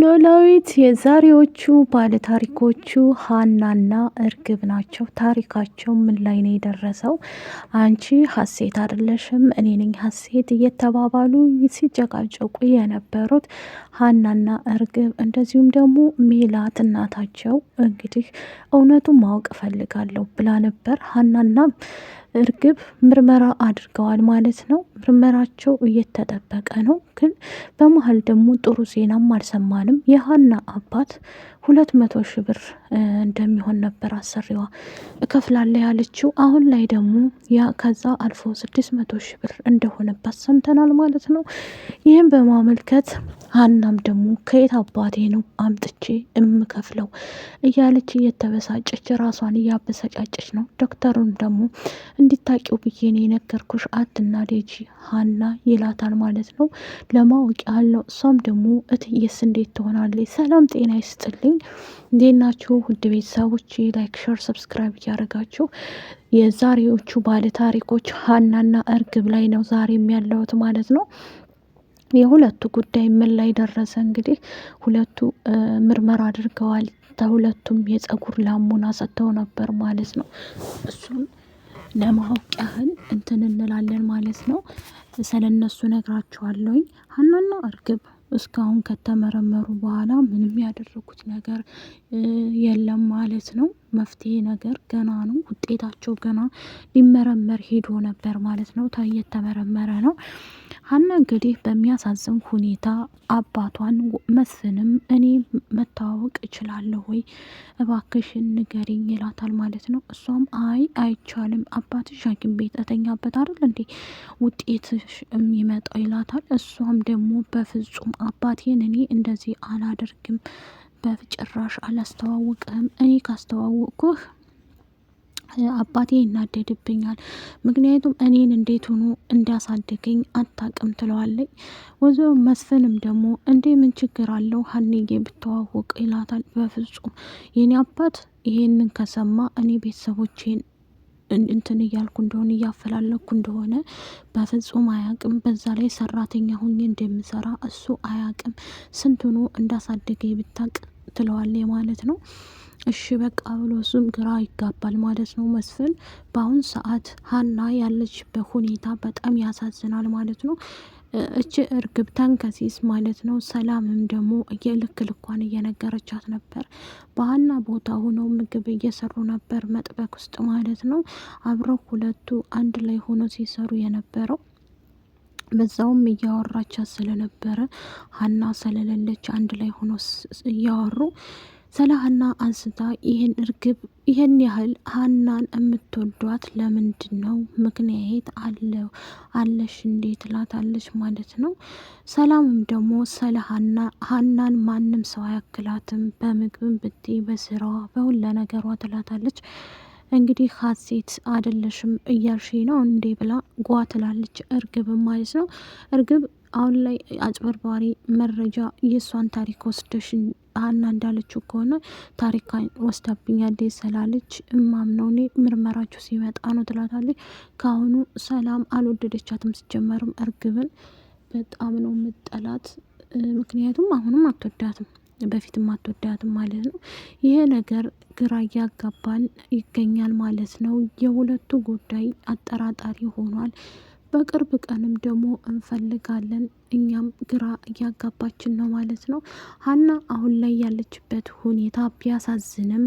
ኖላዊት የዛሬዎቹ ባለ ታሪኮቹ ሀናና እርግብ ናቸው። ታሪካቸው ምን ላይ ነው የደረሰው? አንቺ ሀሴት አይደለሽም እኔ ነኝ ሀሴት እየተባባሉ ሲጨቃጨቁ የነበሩት ሀናና እርግብ፣ እንደዚሁም ደግሞ ሜላት እናታቸው እንግዲህ እውነቱን ማወቅ እፈልጋለሁ ብላ ነበር ሀናና እርግብ ምርመራ አድርገዋል ማለት ነው። ምርመራቸው እየተጠበቀ ነው። ግን በመሀል ደግሞ ጥሩ ዜናም አልሰማንም። የሀና አባት ሁለት መቶ ሺህ ብር እንደሚሆን ነበር አሰሪዋ እከፍላለ ያለችው። አሁን ላይ ደግሞ ያ ከዛ አልፎ ስድስት መቶ ሺህ ብር እንደሆነባት ሰምተናል ማለት ነው። ይህም በማመልከት ሀናም ደግሞ ከየት አባቴ ነው አምጥቼ እምከፍለው እያለች እየተበሳጨች ራሷን እያበሰጫጨች ነው። ዶክተሩም ደግሞ እንዲታቂው ብዬ ነው የነገርኩሽ አትና ሀና ይላታል ማለት ነው። ለማወቅ ያለው እሷም ደግሞ እትዬስ እንዴት ትሆናለች? ሰላም ጤና ይስጥልኝ እንዴት ናችሁ ውድ ቤተሰቦች? ላይክ፣ ሸር፣ ሰብስክራይብ እያደረጋችሁ የዛሬዎቹ ባለ ታሪኮች ሀናና እርግብ ላይ ነው ዛሬም ያለሁት ማለት ነው። የሁለቱ ጉዳይ ምን ላይ ደረሰ? እንግዲህ ሁለቱ ምርመራ አድርገዋል። ተሁለቱም የጸጉር ላሙና ሰጥተው ነበር ማለት ነው። እሱን ለማወቅ ያህል እንትን እንላለን ማለት ነው። ስለነሱ ነግራችኋለሁኝ ሀናና እርግብ እስካሁን ከተመረመሩ በኋላ ምንም ያደረጉት ነገር የለም ማለት ነው። መፍትሄ ነገር ገና ነው። ውጤታቸው ገና ሊመረመር ሄዶ ነበር ማለት ነው። የተመረመረ ነው። ሀና እንግዲህ በሚያሳዝን ሁኔታ አባቷን መስፍንም እኔ መተዋወቅ እችላለሁ ወይ እባክሽን ንገሪኝ ይላታል ማለት ነው። እሷም አይ አይቻልም፣ አባትሽ ሐኪም ቤት እተኛበት አይደል እንዴ ውጤትሽ የሚመጣው ይላታል። እሷም ደግሞ በፍጹም አባቴን እኔ እንደዚህ አላደርግም፣ በጭራሽ አላስተዋውቅህም። እኔ ካስተዋወቅኩህ አባቴ ይናደድብኛል። ምክንያቱም እኔን እንዴት ሆኖ እንዳሳደገኝ አታቅም ትለዋለኝ። ወይዘሮ መስፍንም ደግሞ እንዴ ምን ችግር አለው ሀኔዬ ብተዋወቅ ይላታል። በፍጹም የኔ አባት ይሄንን ከሰማ እኔ ቤተሰቦቼን እንትን እያልኩ እንደሆነ እያፈላለኩ እንደሆነ በፍጹም አያቅም። በዛ ላይ ሰራተኛ ሁኜ እንደምሰራ እሱ አያቅም። ስንትኑ እንዳሳደገኝ ብታቅ ትለዋለች ማለት ነው። እሺ በቃ ብሎ እሱም ግራ ይጋባል ማለት ነው። መስፍን በአሁን ሰዓት ሀና ያለችበት ሁኔታ በጣም ያሳዝናል ማለት ነው። እች እርግብ ተንከሲስ ማለት ነው። ሰላምም ደግሞ ልክ ልኳን እየነገረቻት ነበር። በሀና ቦታ ሆነው ምግብ እየሰሩ ነበር መጥበቅ ውስጥ ማለት ነው። አብረው ሁለቱ አንድ ላይ ሆኖ ሲሰሩ የነበረው በዛውም እያወራቻት ስለነበረ ሀና ስለሌለች አንድ ላይ ሆኖ እያወሩ ስለ ሀና አንስታ ይህን እርግብ ይህን ያህል ሀናን የምትወዷት ለምንድን ነው? ምክንያት አለው አለሽ እንዴት ትላታለች ማለት ነው። ሰላምም ደግሞ ስለ ሀና ሀናን ማንም ሰው አያክላትም፣ በምግብም ብቴ፣ በስራዋ፣ በሁላ ነገሯ ትላታለች። እንግዲህ ሀሴት አደለሽም እያልሽ ነው እንዴ ብላ ጓ ትላለች እርግብ ማለት ነው። እርግብ አሁን ላይ አጭበርባሪ መረጃ የእሷን ታሪክ ወስደሽ ሀና እንዳለችው ከሆነ ታሪካን ወስዳብኛል ስላለች እማም ነው እኔ ምርመራችሁ ሲመጣ ነው ትላታለች። ከአሁኑ ሰላም አልወደደቻትም። ስጀመርም እርግብን በጣም ነው ምጠላት። ምክንያቱም አሁንም አትወዳትም። በፊት ማትወዳትም ማለት ነው። ይሄ ነገር ግራ እያጋባን ይገኛል ማለት ነው። የሁለቱ ጉዳይ አጠራጣሪ ሆኗል። በቅርብ ቀንም ደግሞ እንፈልጋለን። እኛም ግራ እያጋባችን ነው ማለት ነው። ሀና አሁን ላይ ያለችበት ሁኔታ ቢያሳዝንም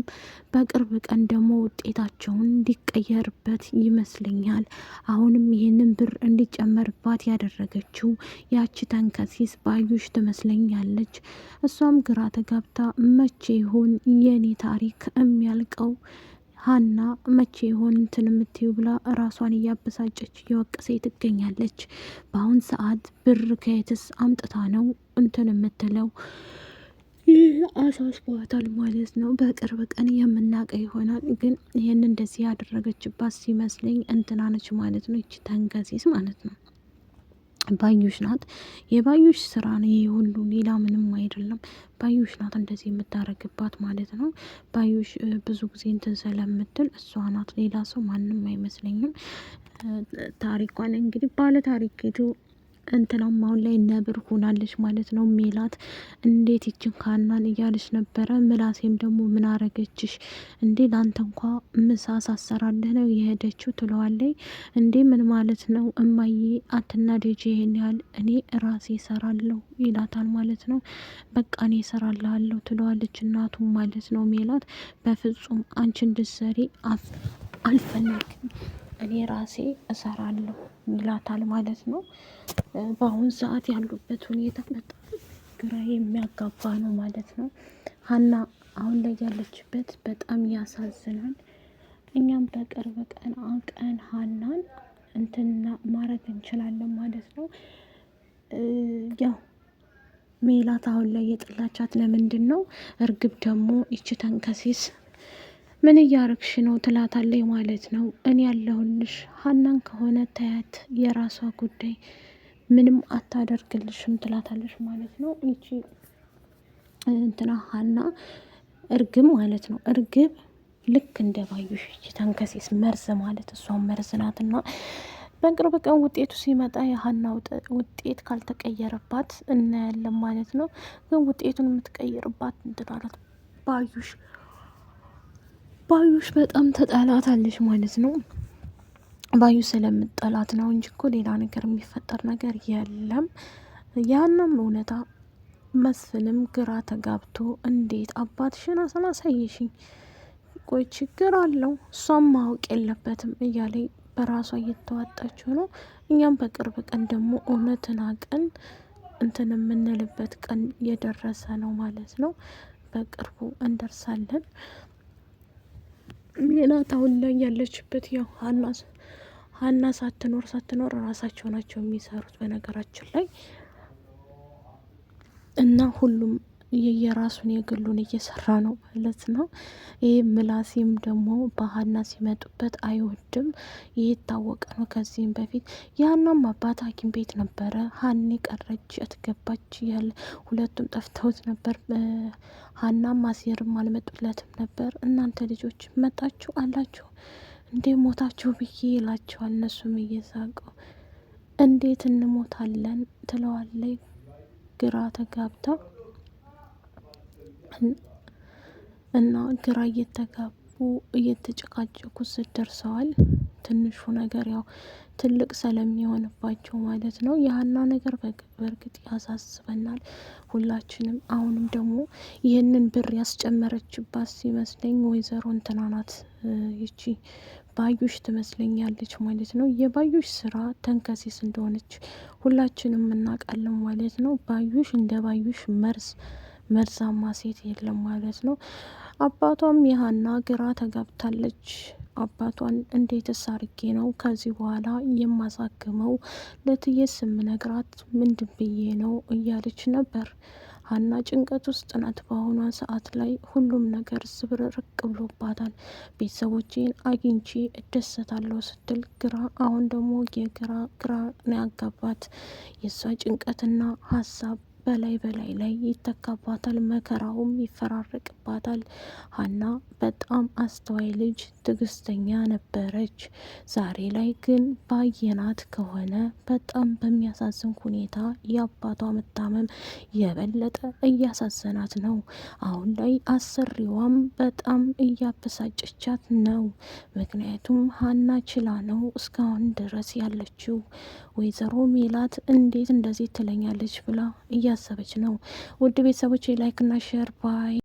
በቅርብ ቀን ደግሞ ውጤታቸውን እንዲቀየርበት ይመስለኛል። አሁንም ይህንን ብር እንዲጨመርባት ያደረገችው ያቺ ተንከሲስ ባዩሽ ትመስለኛለች። እሷም ግራ ተጋብታ መቼ ይሆን የኔ ታሪክ የሚያልቀው ሀና መቼ ይሆን እንትን የምትዩ ብላ ራሷን እያበሳጨች እየወቀሰ ትገኛለች። በአሁን ሰዓት ብር ከየትስ አምጥታ ነው እንትን የምትለው? ይህ አሳስቧታል ማለት ነው። በቅርብ ቀን የምናቀ ይሆናል። ግን ይህን እንደዚህ ያደረገችባት ሲመስለኝ እንትናነች ማለት ነው። ይች ተንከሴስ ማለት ነው። ባዩሽ ናት። የባዩሽ ስራ ነው ይህ ሁሉ፣ ሌላ ምንም አይደለም። ባዩሽ ናት እንደዚህ የምታረግባት ማለት ነው። ባዩሽ ብዙ ጊዜ እንትን ስለምትል እሷ ናት፣ ሌላ ሰው ማንም አይመስለኝም። ታሪኳን እንግዲህ ባለ ታሪኬቱ እንትናም አሁን ላይ ነብር ሆናለች ማለት ነው። ሜላት እንዴት ይችን ካናን እያለች ነበረ። ምላሴም ደግሞ ምን አረገችሽ እንዴ? ለአንተ እንኳ ምሳ ሳሰራልህ ነው የሄደችው ትለዋለይ። እንዴ ምን ማለት ነው እማዬ ልጅ ይሄን ያህል እኔ ራሴ ሰራለሁ ይላታል ማለት ነው። በቃ እኔ እሰራልሃለሁ ትለዋለች እናቱም ማለት ነው። ሜላት በፍጹም አንቺ እንድትሰሪ አልፈልግም እኔ ራሴ እሰራለሁ ይላታል ማለት ነው። በአሁን ሰዓት ያሉበት ሁኔታ በጣም ግራ የሚያጋባ ነው ማለት ነው። ሀና አሁን ላይ ያለችበት በጣም ያሳዝናል። እኛም በቅርብ ቀን አቀን ሀናን እንትና ማድረግ እንችላለን ማለት ነው። ያው ሜላት አሁን ላይ የጥላቻት ለምንድን ነው? እርግብ ደግሞ ይችተን ከሴስ ምን እያረግሽ ነው ትላታለይ ማለት ነው። እኔ ያለሁልሽ ሀናን ከሆነ ታያት የራሷ ጉዳይ ምንም አታደርግልሽም ትላታለች ማለት ነው። ይቺ እንትና ሀና እርግብ ማለት ነው። እርግብ ልክ እንደ ባዩሽ ተንከሴስ መርዝ ማለት እሷን መርዝ ናትና በቅርብ ቀን ውጤቱ ሲመጣ የሀና ውጤት ካልተቀየረባት እናያለን ማለት ነው። ግን ውጤቱን የምትቀይርባት እንትን ባዩሽ ባዩሽ በጣም ተጠላታለች ማለት ነው። ባዩ ስለምጠላት ነው እንጂ እኮ ሌላ ነገር የሚፈጠር ነገር የለም። ያንም እውነታ መስፍንም ግራ ተጋብቶ እንዴት አባትሽን አሳላሳየሽኝ? ቆይ ችግር አለው እሷም ማወቅ የለበትም እያለ በራሷ እየተዋጣችው ነው። እኛም በቅርብ ቀን ደግሞ እውነትን አቅን እንትን የምንልበት ቀን የደረሰ ነው ማለት ነው። በቅርቡ እንደርሳለን። ሜላት አሁን ላይ ያለችበት ያው ሀና ሀና ሳትኖር ሳትኖር ራሳቸው ናቸው የሚሰሩት በነገራችን ላይ እና ሁሉም የየራሱን የግሉን እየሰራ ነው ማለት ነው። ይህ ምላሴም ደግሞ ባህና ሲመጡበት አይወድም። ይህ የታወቀ ነው። ከዚህም በፊት ያናም አባት ሐኪም ቤት ነበረ። ሀኔ ቀረች አትገባች ያለ ሁለቱም ጠፍተውት ነበር። ሀናም አሴርም አልመጡለትም ነበር። እናንተ ልጆች መጣችሁ አላችሁ እንዴ ሞታችሁ ብዬ ይላቸዋል። እነሱም እየሳቀው እንዴት እንሞታለን ትለዋለች ግራ ተጋብተው። እና ግራ እየተጋቡ እየተጨቃጨቁ ስደርሰዋል ትንሹ ነገር ያው ትልቅ ሰለም የሆንባቸው ማለት ነው። የሀና ነገር በእርግጥ ያሳስበናል ሁላችንም። አሁንም ደግሞ ይህንን ብር ያስጨመረችባት ሲመስለኝ ወይዘሮ እንትና ናት ይቺ ባዩሽ ትመስለኛለች ማለት ነው። የባዩሽ ስራ ተንከሴስ እንደሆነች ሁላችንም እናውቃለን ማለት ነው። ባዩሽ እንደ ባዩሽ መርዝ መርዛማ ሴት የለም ማለት ነው። አባቷም የሀና ግራ ተጋብታለች። አባቷን እንዴትስ አርጌ ነው ከዚህ በኋላ የማሳክመው? ለትዬስ ስምነግራት ምንድን ብዬ ነው እያለች ነበር። ሀና ጭንቀት ውስጥ ናት። በአሁኗ ሰዓት ላይ ሁሉም ነገር ዝብርርቅ ብሎባታል። ቤተሰቦቼን አግኝቼ እደሰታለሁ ስትል ግራ አሁን ደግሞ የግራ ግራ ነው ያጋባት የእሷ ጭንቀትና ሀሳብ በላይ በላይ ላይ ይተካባታል፣ መከራውም ይፈራረቅባታል። ሀና በጣም አስተዋይ ልጅ ትዕግስተኛ ነበረች። ዛሬ ላይ ግን ባየናት ከሆነ በጣም በሚያሳዝን ሁኔታ የአባቷ መታመም የበለጠ እያሳዘናት ነው። አሁን ላይ አሰሪዋም በጣም እያበሳጨቻት ነው። ምክንያቱም ሀና ችላ ነው እስካሁን ድረስ ያለችው። ወይዘሮ ሜላት እንዴት እንደዚህ ትለኛለች ብላ እያ እያሰበች ነው። ውድ ቤተሰቦች ላይክና ሸር ባይ